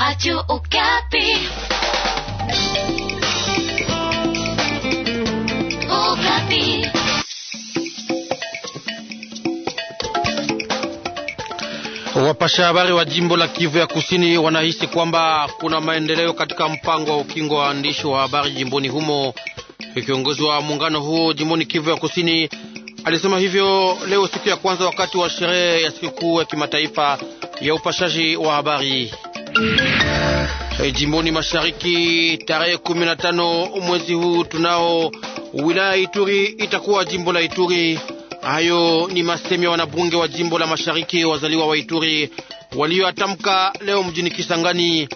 Radio Okapi. Okapi. Wapasha habari wa jimbo la Kivu ya Kusini wanahisi kwamba kuna maendeleo katika mpango wa ukingo wa waandishi wa habari jimboni humo. Kiongozi wa muungano huo jimboni Kivu ya Kusini alisema hivyo leo siku ya kwanza wakati wa sherehe ya sikukuu ya kimataifa ya upashaji wa habari. Eh, jimboni mashariki tarehe 15 mwezi huu tunao wilaya Ituri itakuwa jimbo la Ituri. Hayo ni masemi ya wanabunge wa jimbo la mashariki wazaliwa wa Ituri walioatamka leo mjini Kisangani.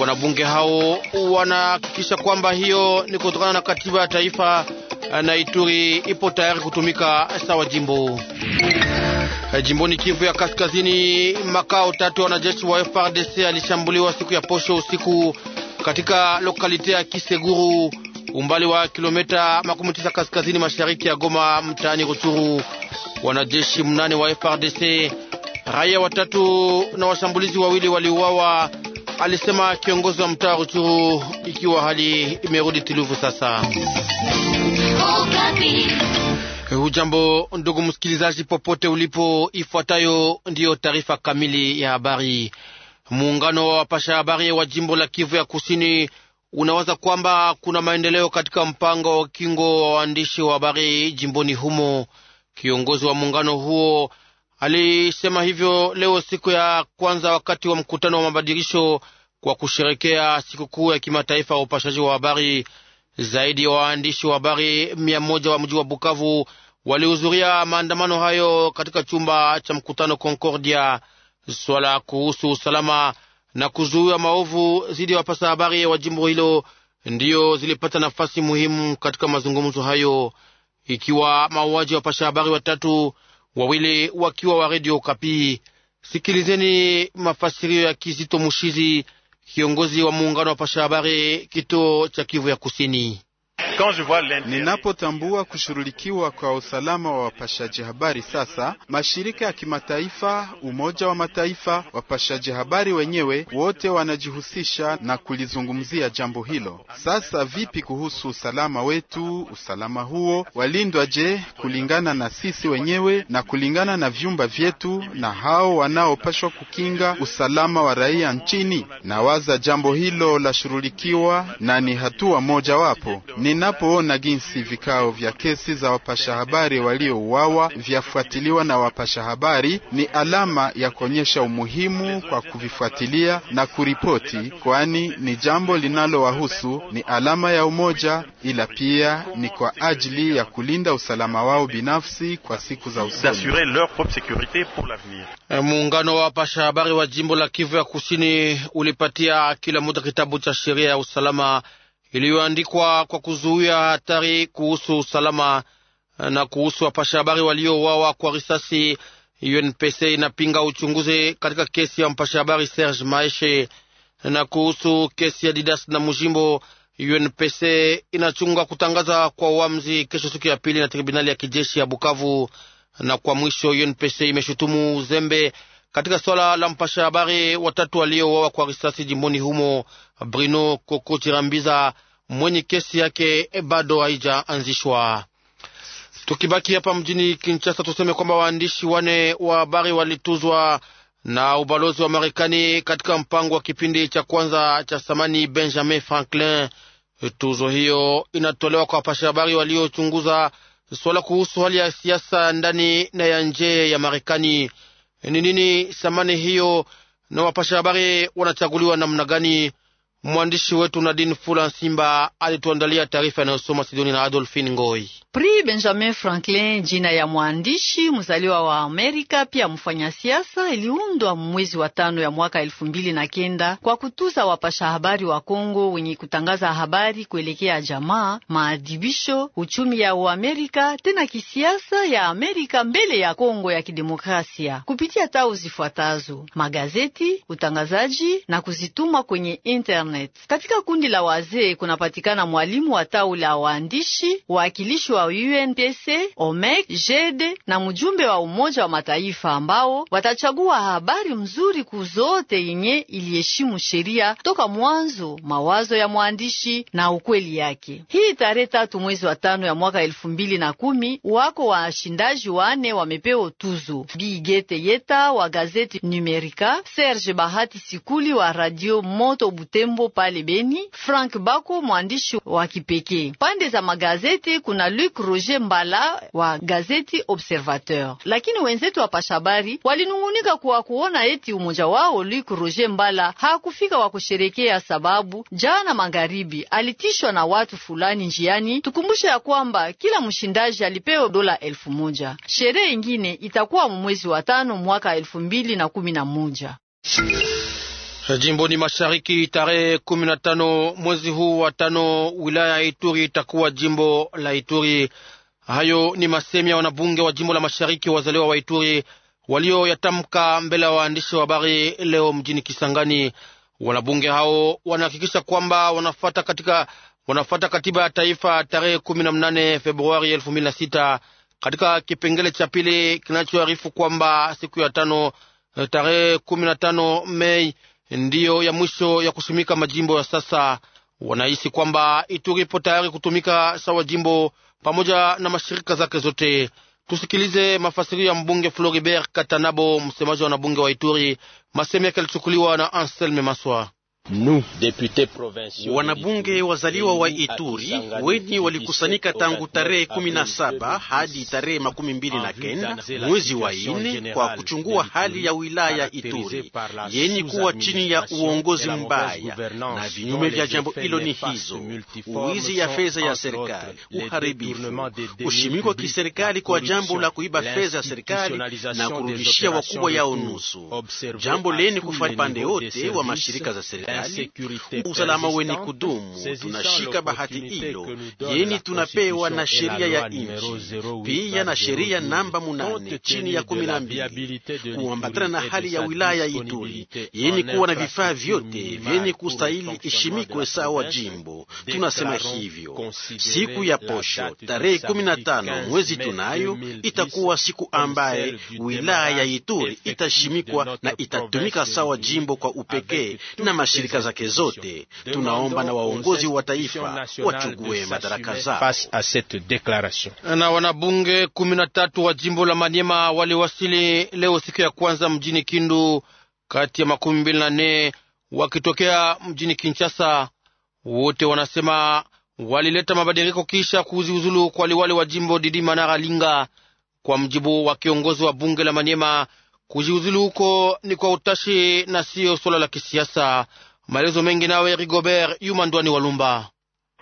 Wanabunge hao wanahakikisha kwamba hiyo ni kutokana na katiba ya taifa eh, na Ituri ipo tayari kutumika sawa jimbo Eh, jimboni Kivu ya Kaskazini, makao tatu ya wanajeshi wa frdc alishambuliwa siku ya posho usiku katika lokalite ya Kiseguru, umbali wa kilomita makumi tisa kaskazini mashariki ya Goma, mtaani Ruchuru. Wanajeshi mnane wa frdc raia watatu na washambulizi wawili waliuawa, alisema kiongozi wa mtaa Ruchuru, ikiwa hali imerudi tulivu sasa. Oh, Eh, Ujambo ndugu msikilizaji, popote ulipo, ifuatayo ndiyo taarifa kamili ya habari. Muungano wa wapasha habari wa jimbo la Kivu ya Kusini unawaza kwamba kuna maendeleo katika mpango wa kingo wa waandishi wa habari jimboni humo. Kiongozi wa muungano huo alisema hivyo leo siku ya kwanza wakati wa mkutano wa mabadilisho kwa kusherekea sikukuu ya kimataifa ya upashaji wa habari zaidi ya waandishi wa habari mia moja wa mji wa Bukavu walihudhuria maandamano hayo katika chumba cha mkutano Concordia. Swala kuhusu usalama na kuzuia maovu dhidi ya wapasa habari wa jimbo hilo ndiyo zilipata nafasi muhimu katika mazungumzo hayo, ikiwa mauaji ya wapasha habari watatu, wawili wakiwa wa redio Kapi. Sikilizeni mafasirio ya Kizito Mushizi kiongozi wa muungano wa pasha habari kituo cha Kivu ya Kusini. Ninapotambua kushughulikiwa kwa usalama wa wapashaji habari sasa, mashirika ya kimataifa, Umoja wa Mataifa, wapashaji habari wenyewe wote wanajihusisha na kulizungumzia jambo hilo. Sasa vipi kuhusu usalama wetu? Usalama huo walindwa je, kulingana na sisi wenyewe na kulingana na vyumba vyetu na hao wanaopashwa kukinga usalama wa raia nchini? Nawaza jambo hilo lashughulikiwa na ni hatua mojawapo. Nina Ninapoona jinsi vikao vya kesi za wapasha habari waliouawa vyafuatiliwa na wapasha habari, ni alama ya kuonyesha umuhimu kwa kuvifuatilia na kuripoti, kwani ni jambo linalowahusu. Ni alama ya umoja, ila pia ni kwa ajili ya kulinda usalama wao binafsi kwa siku za usoni. Eh, muungano wa wapasha habari wa jimbo la Kivu ya Kusini ulipatia kila muda kitabu cha sheria ya usalama iliyoandikwa kwa kuzuia hatari kuhusu usalama eh, na kuhusu wapasha habari waliouawa kwa risasi. UNPC inapinga uchunguzi katika kesi ya mpasha habari Serge Maeshe na kuhusu kesi ya Didas na Mujimbo. UNPC inachunga kutangaza kwa uamuzi kesho siku ya pili na tribunali ya kijeshi ya Bukavu. Na kwa mwisho, UNPC imeshutumu uzembe katika swala la mpasha habari watatu waliowawa kwa risasi jimboni humo, Bruno Koko mwenye kesi yake eh, bado haijaanzishwa. Tukibaki hapa mjini Kinshasa, tuseme kwamba waandishi wane wa habari walituzwa na ubalozi wa Marekani katika mpango wa kipindi cha kwanza cha thamani Benjamin Franklin. Tuzo hiyo inatolewa kwa wapasha habari waliochunguza swala kuhusu hali ya siasa ndani na ya nje ya Marekani ni nini thamani hiyo na wapasha habari wanachaguliwa namna gani Mwandishi wetu Nadine Fula Nsimba alituandalia taarifa inayosoma Sidoni na Adolfine Ngoi. Pri Benjamin Franklin, jina ya mwandishi mzaliwa wa Amerika pia mfanya siasa, iliundwa mwezi wa tano ya mwaka elfu mbili na kenda kwa kutuza wapasha habari wa Kongo wenye kutangaza habari kuelekea jamaa, maadhibisho, uchumi ya Uamerika, tena kisiasa ya Amerika mbele ya Kongo ya kidemokrasia kupitia tau zifuatazo: magazeti, utangazaji na kuzituma kwenye internet internet. Katika kundi la wazee kunapatikana mwalimu wa tawi la waandishi, wawakilishi wa UNPC, OMEC, JED na mjumbe wa Umoja wa Mataifa ambao watachagua habari mzuri kuzote yenye iliheshimu sheria toka mwanzo, mawazo ya mwandishi na ukweli yake. Hii tarehe tatu mwezi wa tano ya mwaka elfu mbili na kumi wako washindaji wane wamepewa tuzo: Bigete Yeta wa gazeti Numerika, Serge Bahati Sikuli wa radio Moto Butembo yupo pale Beni, Frank Bako mwandishi wa kipekee. Pande za magazeti kuna Luc Roger Mbala wa gazeti Observateur, lakini wenzetu wa pashabari walinungunika kuwa kuona eti umoja wao Luc Roger Mbala hakufika wa kusherekea, sababu jana magharibi alitishwa na watu fulani njiani. Tukumbushe ya kwamba kila mshindaji alipewa dola elfu moja. Sherehe ingine itakuwa mwezi wa tano mwaka elfu mbili na kumi na moja jimbo ni Mashariki, tarehe kumi na tano mwezi huu wa tano, wilaya ya Ituri itakuwa jimbo la Ituri. Hayo ni masemi ya wanabunge wa jimbo la Mashariki wazaliwa wa Ituri walioyatamka mbele ya waandishi wa habari leo mjini Kisangani. Wanabunge hao wanahakikisha kwamba wanafata katika wanafata katiba ya taifa tarehe kumi na mnane Februari elfu mbili na sita katika kipengele cha pili kinachoarifu kwamba siku ya tano eh, tarehe kumi na tano Mei ndiyo ya mwisho ya kushimika majimbo ya sasa. Wanahisi kwamba Ituripo tayari kutumika sawa jimbo pamoja na mashirika zake zote. Tusikilize mafasirio ya mbunge Floribert Katanabo, msemaji wa wanabunge wa Ituri, masemi yake yalichukuliwa na Anselme Maswa. Wanabunge wazaliwa wa Ituri wenye walikusanyika tangu tarehe kumi na saba hadi tarehe makumi mbili na kenda mwezi wa ine kwa kuchungua hali ya wilaya ya Ituri yeni kuwa chini ya uongozi mbaya, na vinyume vya jambo hilo ni hizo: uwizi ya fedha ya serikali, uharibifu, kushimikwa kiserikali kwa jambo la kuiba fedha ya serikali na kurudishia wakubwa yao nusu, jambo leni kufanya pande yote wa mashirika za serikali usalama wenye kudumu. Tunashika bahati hilo yeni tunapewa na sheria ya nchi pia na sheria namba munane chini ya kumi na mbili kuambatana na hali ya wilaya Ituri yeni kuwa na vifaa vyote vyenye kustahili ishimikwe sawa jimbo. Tunasema hivyo siku ya posho tarehe kumi na tano mwezi tunayo itakuwa siku ambaye wilaya ya Ituri itashimikwa na itatumika sawa jimbo kwa upekee na mashirika shirika zake zote. Tunaomba na waongozi wa taifa wachugue madaraka zao. Na wanabunge kumi na tatu wa jimbo la Manyema waliwasili leo siku ya kwanza mjini Kindu, kati ya makumi mbili na nne wakitokea mjini Kinshasa. Wote wanasema walileta mabadiliko kisha kuziuzulu kwa liwali wa jimbo Didi Manara Linga. Kwa mjibu wa kiongozi wa bunge la Manyema, kujiuzulu huko ni kwa utashi na siyo swala la kisiasa. Maelezo mengi nawe Rigobert Yuma Walumba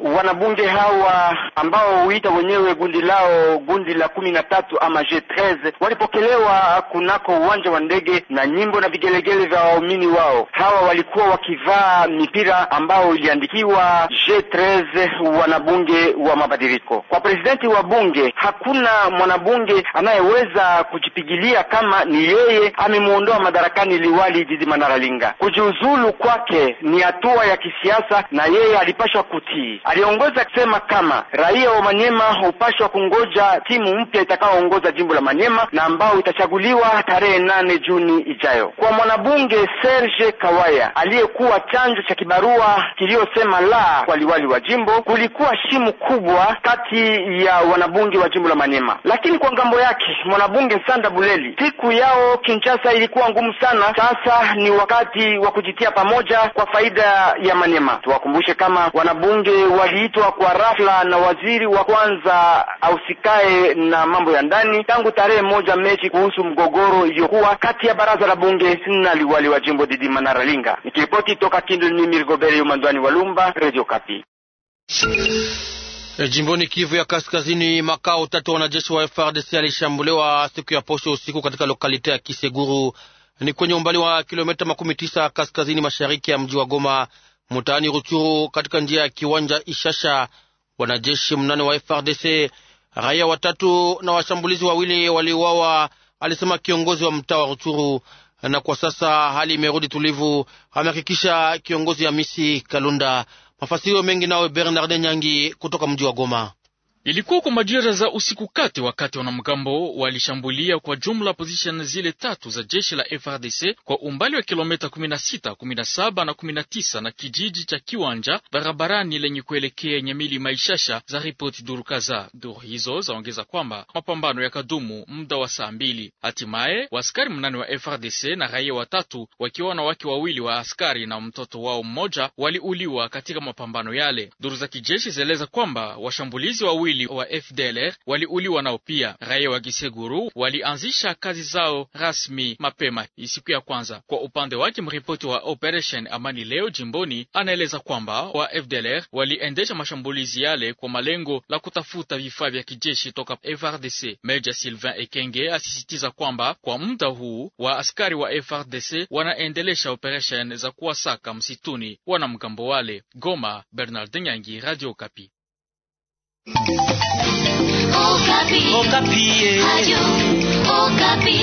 wanabunge hawa ambao huita wenyewe gundi lao gundi la kumi na tatu ama G13 walipokelewa kunako uwanja wa ndege na nyimbo na vigelegele vya waumini wao. Hawa walikuwa wakivaa mipira ambao iliandikiwa G13 wanabunge wa mabadiliko. Kwa presidenti wa bunge, hakuna mwanabunge anayeweza kujipigilia kama ni yeye amemwondoa madarakani liwali Didi Manaralinga. Kujiuzulu kwake ni hatua ya kisiasa na yeye alipashwa kutii Aliongoza akisema kama raia wa Manyema hupashwa kungoja timu mpya itakaoongoza jimbo la Manyema na ambao itachaguliwa tarehe nane Juni ijayo. Kwa mwanabunge Serge Kawaya aliyekuwa chanjo cha kibarua kiliyosema la kwa liwali wa jimbo, kulikuwa shimu kubwa kati ya wanabunge wa jimbo la Manyema, lakini kwa ngambo yake mwanabunge sanda Buleli, siku yao Kinshasa ilikuwa ngumu sana. Sasa ni wakati wa kujitia pamoja kwa faida ya Manyema. Tuwakumbushe kama wanabunge wa waliitwa kwa rafla na waziri wa kwanza ausikae na mambo ya ndani tangu tarehe moja mechi kuhusu mgogoro iliyokuwa kati ya baraza la bunge na liwali wa jimbo didi Manaralinga. Nikiripoti toka Kindu, mimi Rigoberi Umandwani Walumba, Radio Kapi. E, jimboni Kivu ya Kaskazini, makao tatu wanajeshi wa FRDC alishambuliwa siku ya posho usiku katika lokalite ya Kiseguru, ni kwenye umbali wa kilomita makumi tisa kaskazini mashariki ya mji wa Goma mtaani Ruchuru katika njia ya kiwanja Ishasha. Wanajeshi mnane wa FRDC, raia watatu na washambulizi wawili waliuawa, alisema kiongozi wa mtaa wa Ruchuru. Na kwa sasa hali imerudi tulivu, amehakikisha kiongozi ya misi Kalunda. Mafasirio mengi nawe Bernard Nyangi kutoka mji wa Goma. Ilikuwa kwa majira za usiku kati, wakati wanamgambo walishambulia kwa jumla position zile tatu za jeshi la FRDC kwa umbali wa kilomita 16, 17 na 19 na kijiji cha Kiwanja barabarani lenye kuelekea Nyamili Maishasha, za ripoti duru kaza. Duru hizo zaongeza kwamba mapambano yakadumu muda wa saa mbili. Hatimaye waskari mnane wa FRDC na raia watatu wakiwa wanawake wawili wa askari na mtoto wao mmoja waliuliwa katika mapambano yale. Duru za kijeshi zaeleza kwamba washambulizi wawili wawili wa FDLR waliuliwa nao pia. Raia wa Giseguru walianzisha kazi zao rasmi mapema siku ya kwanza. Kwa upande wake, mripoti wa Operation Amani Leo jimboni anaeleza kwamba wa FDLR waliendesha mashambulizi yale kwa malengo la kutafuta vifaa vya kijeshi toka FRDC. Meja Sylvain Ekenge asisitiza kwamba kwa muda huu wa askari wa FRDC wanaendelesha operation za kuwasaka msituni wanamgambo wale. Goma, Bernard Nyangi, Radio Kapi. Okapi. Okapi.